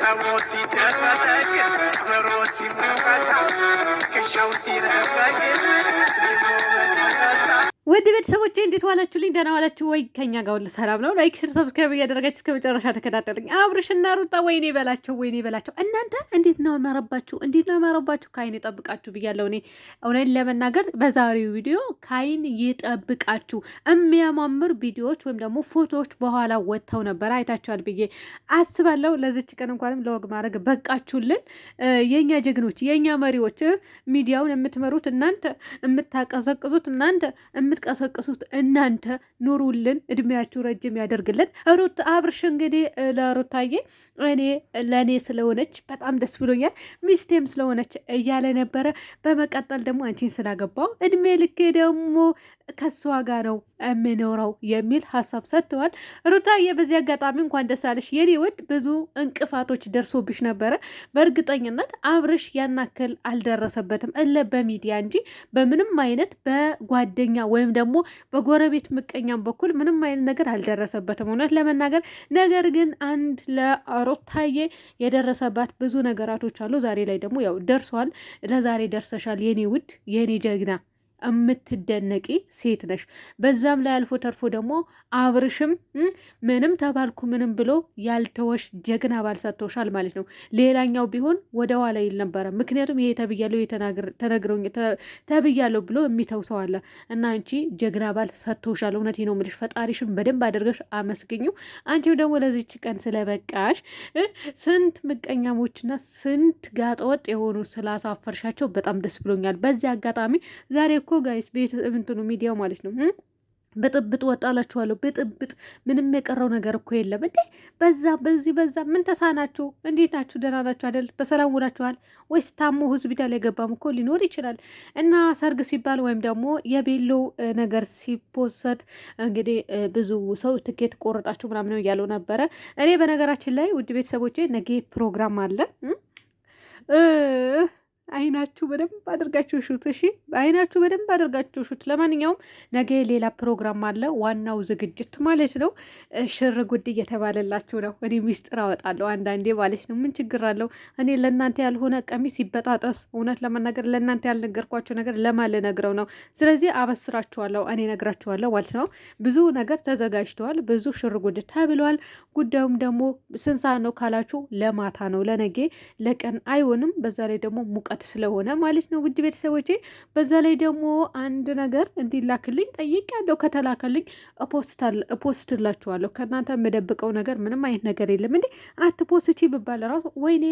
ከተማው ሲተፈለቅ ውድ ቤተሰቦቼ እንዴት ዋላችሁልኝ? ደህና ዋላችሁ ወይ? ከኛ ጋር ሁሉ ሰላም ነው። ላይክ፣ ሼር፣ ሰብስክራይብ እያደረጋችሁ እስከ መጨረሻ ተከታተሉኝ። አብርሽ አብርሽና ሩታ ወይኔ በላቸው፣ ወይኔ በላቸው። እናንተ እንዴት ነው ያማረባችሁ? እንዴት ነው ያማረባችሁ? ከአይን ይጠብቃችሁ ብያለሁ። እኔ እውነት ለመናገር በዛሬው ቪዲዮ ከአይን ይጠብቃችሁ። የሚያማምር ቪዲዮዎች ወይም ደግሞ ፎቶዎች በኋላ ወጥተው ነበር አይታችኋል ብዬ አስባለሁ። ለዚች ቀን እንኳንም ለወግ ማድረግ በቃችሁልን፣ የእኛ ጀግኖች፣ የእኛ መሪዎች። ሚዲያውን የምትመሩት እናንተ፣ የምታቀዘቅዙት እናንተ የምትቀሰቅሱት እናንተ ኑሩልን፣ እድሜያችሁ ረጅም ያደርግልን። ሩት አብርሽ እንግዲህ ለሩታዬ እኔ ለእኔ ስለሆነች በጣም ደስ ብሎኛል፣ ሚስቴም ስለሆነች እያለ ነበረ። በመቀጠል ደግሞ አንቺን ስላገባው እድሜ ልኬ ደግሞ ከሷ ጋር ነው የምኖረው የሚል ሀሳብ ሰጥተዋል። ሩታዬ በዚህ አጋጣሚ እንኳን ደስ አለሽ የኔ ውድ። ብዙ እንቅፋቶች ደርሶብሽ ነበረ። በእርግጠኝነት አብርሽ ያናክል አልደረሰበትም እለ በሚዲያ እንጂ በምንም አይነት በጓደኛ ወይም ደግሞ በጎረቤት ምቀኛም በኩል ምንም አይነት ነገር አልደረሰበትም እውነት ለመናገር ነገር ግን አንድ ለሩታዬ የደረሰባት ብዙ ነገራቶች አሉ። ዛሬ ላይ ደግሞ ያው ደርሷል። ለዛሬ ደርሰሻል የኔ ውድ የኔ ጀግና የምትደነቂ ሴት ነሽ። በዛም ላይ አልፎ ተርፎ ደግሞ አብርሽም ምንም ተባልኩ ምንም ብሎ ያልተወሽ ጀግና ባል ሰጥቶሻል ማለት ነው። ሌላኛው ቢሆን ወደ ኋላ ይል ነበረ። ምክንያቱም ይሄ ተብያለሁ ተነግረው ተብያለሁ ብሎ የሚተው ሰው አለ እና አንቺ ጀግና ባል ሰጥቶሻል። እውነቴ ነው የምልሽ። ፈጣሪሽን በደንብ አድርገሽ አመስግኙ። አንቺም ደግሞ ለዚች ቀን ስለበቃሽ ስንት ምቀኛሞችና ስንት ጋጠወጥ የሆኑ ስላሳፈርሻቸው በጣም ደስ ብሎኛል። በዚህ አጋጣሚ ዛሬ እኮ ጋይስ ቤተሰብ እንትኑ ሚዲያው ማለት ነው። ብጥብጥ ወጣላችኋለሁ። ብጥብጥ ምንም የቀረው ነገር እኮ የለም እንዴ! በዛ በዚህ በዛ ምን ተሳናችሁ? እንዴት ናችሁ? ደህና ናችሁ አይደል? በሰላም ውላችኋል ወይስ ታሞ ሆስፒታል የገባም እኮ ሊኖር ይችላል። እና ሰርግ ሲባል ወይም ደግሞ የቤሎ ነገር ሲፖሰት እንግዲህ ብዙ ሰው ትኬት ቆረጣችሁ ምናምን እያለው ነበረ። እኔ በነገራችን ላይ ውድ ቤተሰቦቼ ነገ ፕሮግራም አለ በአይናችሁ በደንብ አድርጋችሁ ሹት። እሺ፣ በአይናችሁ በደንብ አድርጋችሁ ሹት። ለማንኛውም ነገ ሌላ ፕሮግራም አለ፣ ዋናው ዝግጅት ማለት ነው። ሽር ጉድ እየተባለላችሁ ነው። እኔ ሚስጥር አወጣለሁ አንዳንዴ ማለት ነው። ምን ችግር አለው? እኔ ለእናንተ ያልሆነ ቀሚስ ይበጣጠስ። እውነት ለመናገር ለእናንተ ያልነገርኳቸው ነገር ለማልነግረው ነው። ስለዚህ አበስራችኋለሁ፣ እኔ ነግራችኋለሁ ማለት ነው። ብዙ ነገር ተዘጋጅተዋል፣ ብዙ ሽር ጉድ ተብሏል። ጉዳዩም ደግሞ ስንት ሰዓት ነው ካላችሁ፣ ለማታ ነው፣ ለነገ ለቀን አይሆንም። በዛ ላይ ደግሞ ሙቀት ስለሆነ ማለት ነው። ውድ ቤተሰቦቼ በዛ ላይ ደግሞ አንድ ነገር እንዲላክልኝ ጠይቅ ያለው ከተላከልኝ እፖስትላችኋለሁ። ከእናንተ የምደብቀው ነገር ምንም አይነት ነገር የለም። እንዴ አትፖስቺ ብባል ራሱ ወይኔ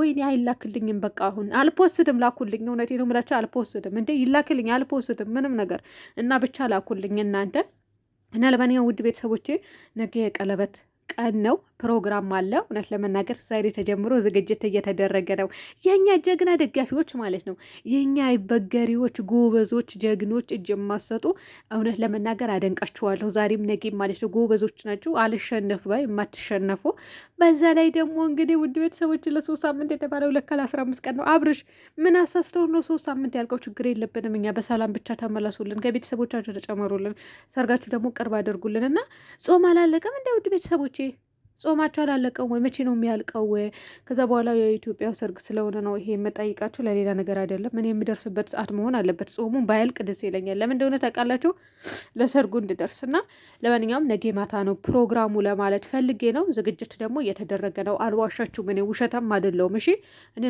ወይኔ አይላክልኝም። በቃ አሁን አልፖስትም፣ ላኩልኝ። እውነቴ ነው የምላቸው አልፖስትም። እንዴ ይላክልኝ፣ አልፖስትም ምንም ነገር እና ብቻ ላኩልኝ እናንተ እና ለማንኛውም ውድ ቤተሰቦቼ ነገ የቀለበት ቀን ነው። ፕሮግራም አለ። እውነት ለመናገር ዛሬ ተጀምሮ ዝግጅት እየተደረገ ነው። የእኛ ጀግና ደጋፊዎች ማለት ነው። የእኛ በገሪዎች ጎበዞች፣ ጀግኖች እጅ የማሰጡ እውነት ለመናገር አደንቃችኋለሁ። ዛሬም ነገ ማለት ነው። ጎበዞች ናቸው። አልሸነፍ ባይ የማትሸነፉ በዛ ላይ ደግሞ እንግዲህ ውድ ቤተሰቦች ለሶስት ሳምንት የተባለው ለካ ለአስራ አምስት ቀን ነው። አብርሽ ምን አሳስተው ነው ሶስት ሳምንት ያልቀው? ችግር የለብንም እኛ በሰላም ብቻ ተመለሱልን፣ ከቤተሰቦቻቸው ተጨመሩልን፣ ሰርጋችሁ ደግሞ ቅርብ አድርጉልን እና ጾም አላለቀም እንደ ውድ ቤተሰቦቼ ጾማቸው አላለቀም ወይ? መቼ ነው የሚያልቀው? ከዛ በኋላ የኢትዮጵያ ሰርግ ስለሆነ ነው ይሄ የምጠይቃችሁ፣ ለሌላ ነገር አይደለም። እኔ የምደርስበት ሰዓት መሆን አለበት። ጾሙን ባያልቅ ደስ ይለኛል። ለምን እንደሆነ ታውቃላችሁ? ለሰርጉ እንድደርስ እና ለማንኛውም ነገ ማታ ነው ፕሮግራሙ ለማለት ፈልጌ ነው። ዝግጅት ደግሞ እየተደረገ ነው። አልዋሻችሁም። እኔ ውሸታም አይደለሁም። እሺ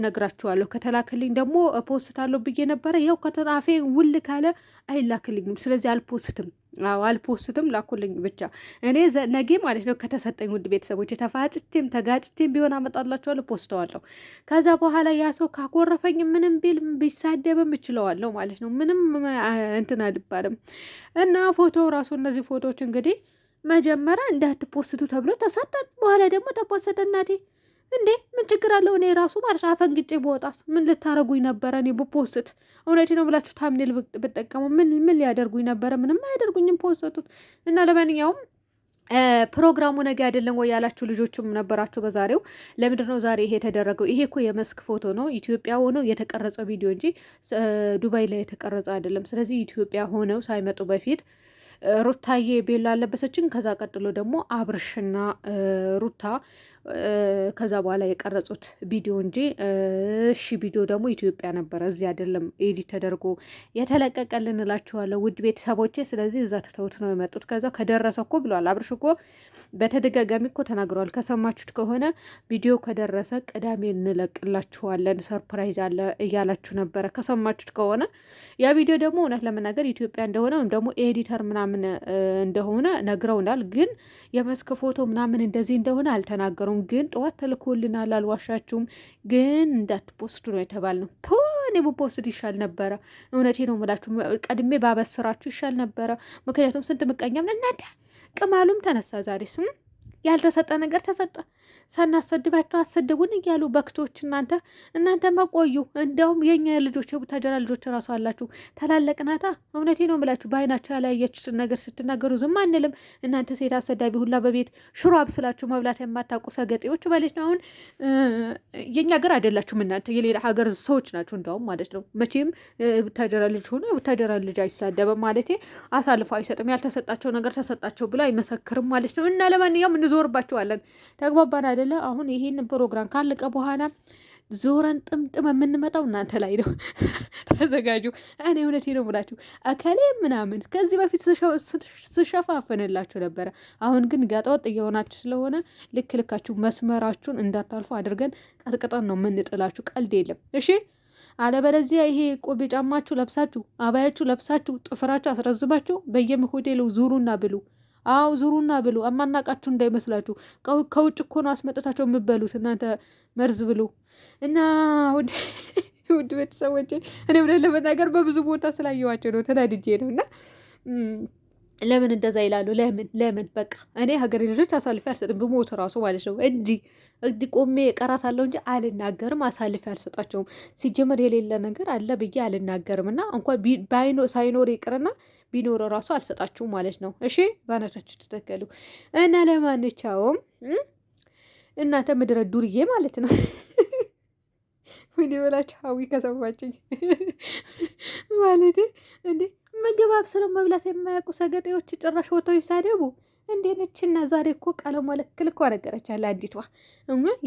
ነግራችኋለሁ። ከተላክልኝ ደግሞ ፖስት አለው ብዬ ነበረ። ያው ከተናፌ ውል ካለ አይላክልኝም። ስለዚህ አልፖስትም። አዎ አልፖስትም፣ ላኩልኝ ብቻ። እኔ ነጌ ማለት ነው ከተሰጠኝ ውድ ቤተሰቦች ተፋጭቼም ተጋጭቼም ቢሆን አመጣላቸዋለሁ፣ ፖስተዋለሁ። ከዛ በኋላ ያ ሰው ካኮረፈኝ ምንም ቢል ቢሳደብም እችለዋለሁ ማለት ነው። ምንም እንትን አልባልም እና ፎቶ ራሱ እነዚህ ፎቶዎች እንግዲህ መጀመሪያ እንዳትፖስቱ ተብሎ ተሰጠን፣ በኋላ ደግሞ ተፖሰተ እናቴ እንዴ ምን ችግር አለው? እኔ ራሱ ማለት ነው አፈንግጬ በወጣስ ምን ልታረጉኝ ነበረ? እኔ ብፖስት እውነቴ ነው ብላችሁ ታምኔል ብጠቀሙ ምን ምን ሊያደርጉኝ ነበረ? ምንም አያደርጉኝም። ፖስቱት እና ለማንኛውም ፕሮግራሙ ነገ አይደለም ወይ ያላችሁ ልጆችም ነበራችሁ። በዛሬው ለምንድን ነው ዛሬ ይሄ የተደረገው? ይሄ እኮ የመስክ ፎቶ ነው። ኢትዮጵያ ሆነው የተቀረጸ ቪዲዮ እንጂ ዱባይ ላይ የተቀረጸ አይደለም። ስለዚህ ኢትዮጵያ ሆነው ሳይመጡ በፊት ሩታዬ ቤሎ አለበሰችን። ከዛ ቀጥሎ ደግሞ አብርሽና ሩታ ከዛ በኋላ የቀረጹት ቪዲዮ እንጂ እሺ፣ ቪዲዮ ደግሞ ኢትዮጵያ ነበረ፣ እዚህ አይደለም ኤዲት ተደርጎ የተለቀቀ ልንላችኋለሁ ውድ ቤተሰቦቼ። ስለዚህ እዛ ትተውት ነው የመጡት። ከዛ ከደረሰ እኮ ብለዋል። አብርሽ እኮ በተደጋጋሚ እኮ ተናግረዋል። ከሰማችሁት ከሆነ ቪዲዮ ከደረሰ ቅዳሜ እንለቅላችኋለን፣ ሰርፕራይዝ አለ እያላችሁ ነበረ፣ ከሰማችሁት ከሆነ ያ ቪዲዮ ደግሞ እውነት ለመናገር ኢትዮጵያ እንደሆነ ወይም ደግሞ ኤዲተር ምናምን እንደሆነ ነግረውናል። ግን የመስክ ፎቶ ምናምን እንደዚህ እንደሆነ አልተናገሩም። ግን ጠዋት ተልኮልናል፣ አልዋሻችሁም። ግን እንዳትፖስቱ ነው የተባልነው። እኔ ብፖስት ይሻል ነበረ። እውነቴ ነው የምላችሁ፣ ቀድሜ ባበስራችሁ ይሻል ነበረ። ምክንያቱም ስንት ምቀኛም እናንተ ቅማሉም ተነሳ ዛሬ ስም ያልተሰጠ ነገር ተሰጠ። ሳናሰድባቸው አሰደቡን እያሉ በክቶች እናንተ እናንተ መቆዩ እንዲያውም የኛ ልጆች የቡታጀራ ልጆች እራሱ አላችሁ ተላለቅናታ። እውነቴ ነው ብላችሁ በአይናቸው ያላየች ነገር ስትናገሩ ዝም አንልም። እናንተ ሴት አሰዳቢ ሁላ በቤት ሽሮ አብስላችሁ መብላት የማታውቁ ሰገጤዎች ማለት ነው። አሁን የእኛ ሀገር አይደላችሁም እናንተ የሌላ ሀገር ሰዎች ናችሁ እንዲያውም ማለት ነው። መቼም የቡታጀራ ልጅ ሆኖ የቡታጀራ ልጅ አይሳደበም ማለት አሳልፎ አይሰጥም። ያልተሰጣቸው ነገር ተሰጣቸው ብሎ አይመሰክርም ማለት ነው እና ለማንኛውም እንዞርባቸዋለን። ተግባባን አይደለ? አሁን ይሄን ፕሮግራም ካለቀ በኋላ ዞረን ጥምጥም የምንመጣው እናንተ ላይ ነው። ተዘጋጁ። እኔ እውነቴ ነው ብላችሁ አከሌ ምናምን ከዚህ በፊት ስሸፋፍንላችሁ ነበረ። አሁን ግን ጋጠወጥ እየሆናችሁ ስለሆነ ልክ ልካችሁ መስመራችሁን እንዳታልፉ አድርገን ቀጥቅጠን ነው የምንጥላችሁ። ቀልድ የለም እሺ። አለበለዚያ ይሄ ቆቢ ጫማችሁ ለብሳችሁ አባያችሁ ለብሳችሁ ጥፍራችሁ አስረዝማችሁ በየሆቴሉ ዙሩና ብሉ። አዎ ዙሩና ብሉ። አማናቃችሁ እንዳይመስላችሁ። ከውጭ እኮ ነው አስመጥታቸው የምበሉት እናንተ መርዝ ብሉ እና ውድ ቤተሰቦች እኔ ብለን ለመናገር በብዙ ቦታ ስላየዋቸው ነው ተናድጄ ነው እና ለምን እንደዛ ይላሉ? ለምን ለምን በቃ እኔ ሀገሬ ልጆች አሳልፌ አልሰጥም ብሞት ራሱ ማለት ነው። እንዲ እንዲህ ቆሜ ቀራት አለው እንጂ አልናገርም፣ አሳልፌ አልሰጣቸውም። ሲጀመር የሌለ ነገር አለ ብዬ አልናገርም እና እንኳን ሳይኖር ይቅርና ቢኖረ ራሱ አልሰጣችሁም ማለት ነው። እሺ በእናታችሁ ተተከሉ እና ለማንቻውም እናንተ ምድረ ዱርዬ ማለት ነው። ምን ይበላችሁ ሀዊ ከሰማችኝ ማለት እንዴ ምግብ አብስለው መብላት የማያውቁ ሰገጤዎች ጭራሽ ወጥተው ይሳደቡ። እንዴነችና ዛሬ እኮ ቀለም ወለክል እኮ ነገረች አለ አንዲቷ።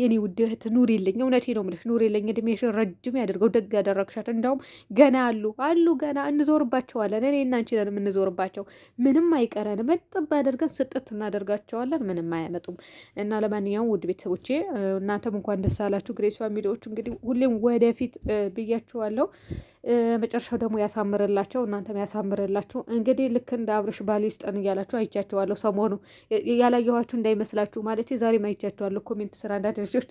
የኔ ውድ እህት የለኝ እውነቴ ነው የምልሽ ኑሪልኝ፣ እድሜሽን ረጅም ያደርገው። ደግ ያደረግሻት። እንዳውም ገና አሉ አሉ ገና እንዞርባቸዋለን። እኔ እና አንቺ ነን የምንዞርባቸው። ምንም አይቀረንም። መጥብ አደርገን ስጥት እናደርጋቸዋለን። ምንም አያመጡም። እና ለማንኛውም ውድ ቤተሰቦቼ እናንተም እንኳን ደስ አላችሁ። ግሬስ ፋሚሊዎች እንግዲህ ሁሌም ወደፊት ብያችኋለሁ። መጨረሻው ደግሞ ያሳምርላቸው፣ እናንተም ያሳምርላችሁ። እንግዲህ ልክ እንደ አብርሽ ባል ይስጠን እያላችሁ አይቻቸዋለሁ ሰሞኑ ነው ያላየኋችሁ እንዳይመስላችሁ ማለት ዛሬ ማይቻችኋለሁ። ኮሜንት ስራ አንዳንድ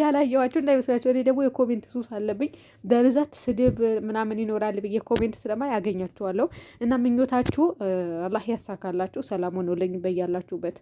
ያላየኋችሁ እንዳይመስላችሁ። እኔ ደግሞ የኮሜንት ሱስ አለብኝ በብዛት ስድብ ምናምን ይኖራል ብዬ ኮሜንት ስለማ ያገኛችኋለሁ እና ምኞታችሁ አላህ ያሳካላችሁ። ሰላም ሆኖልኝ በያላችሁበት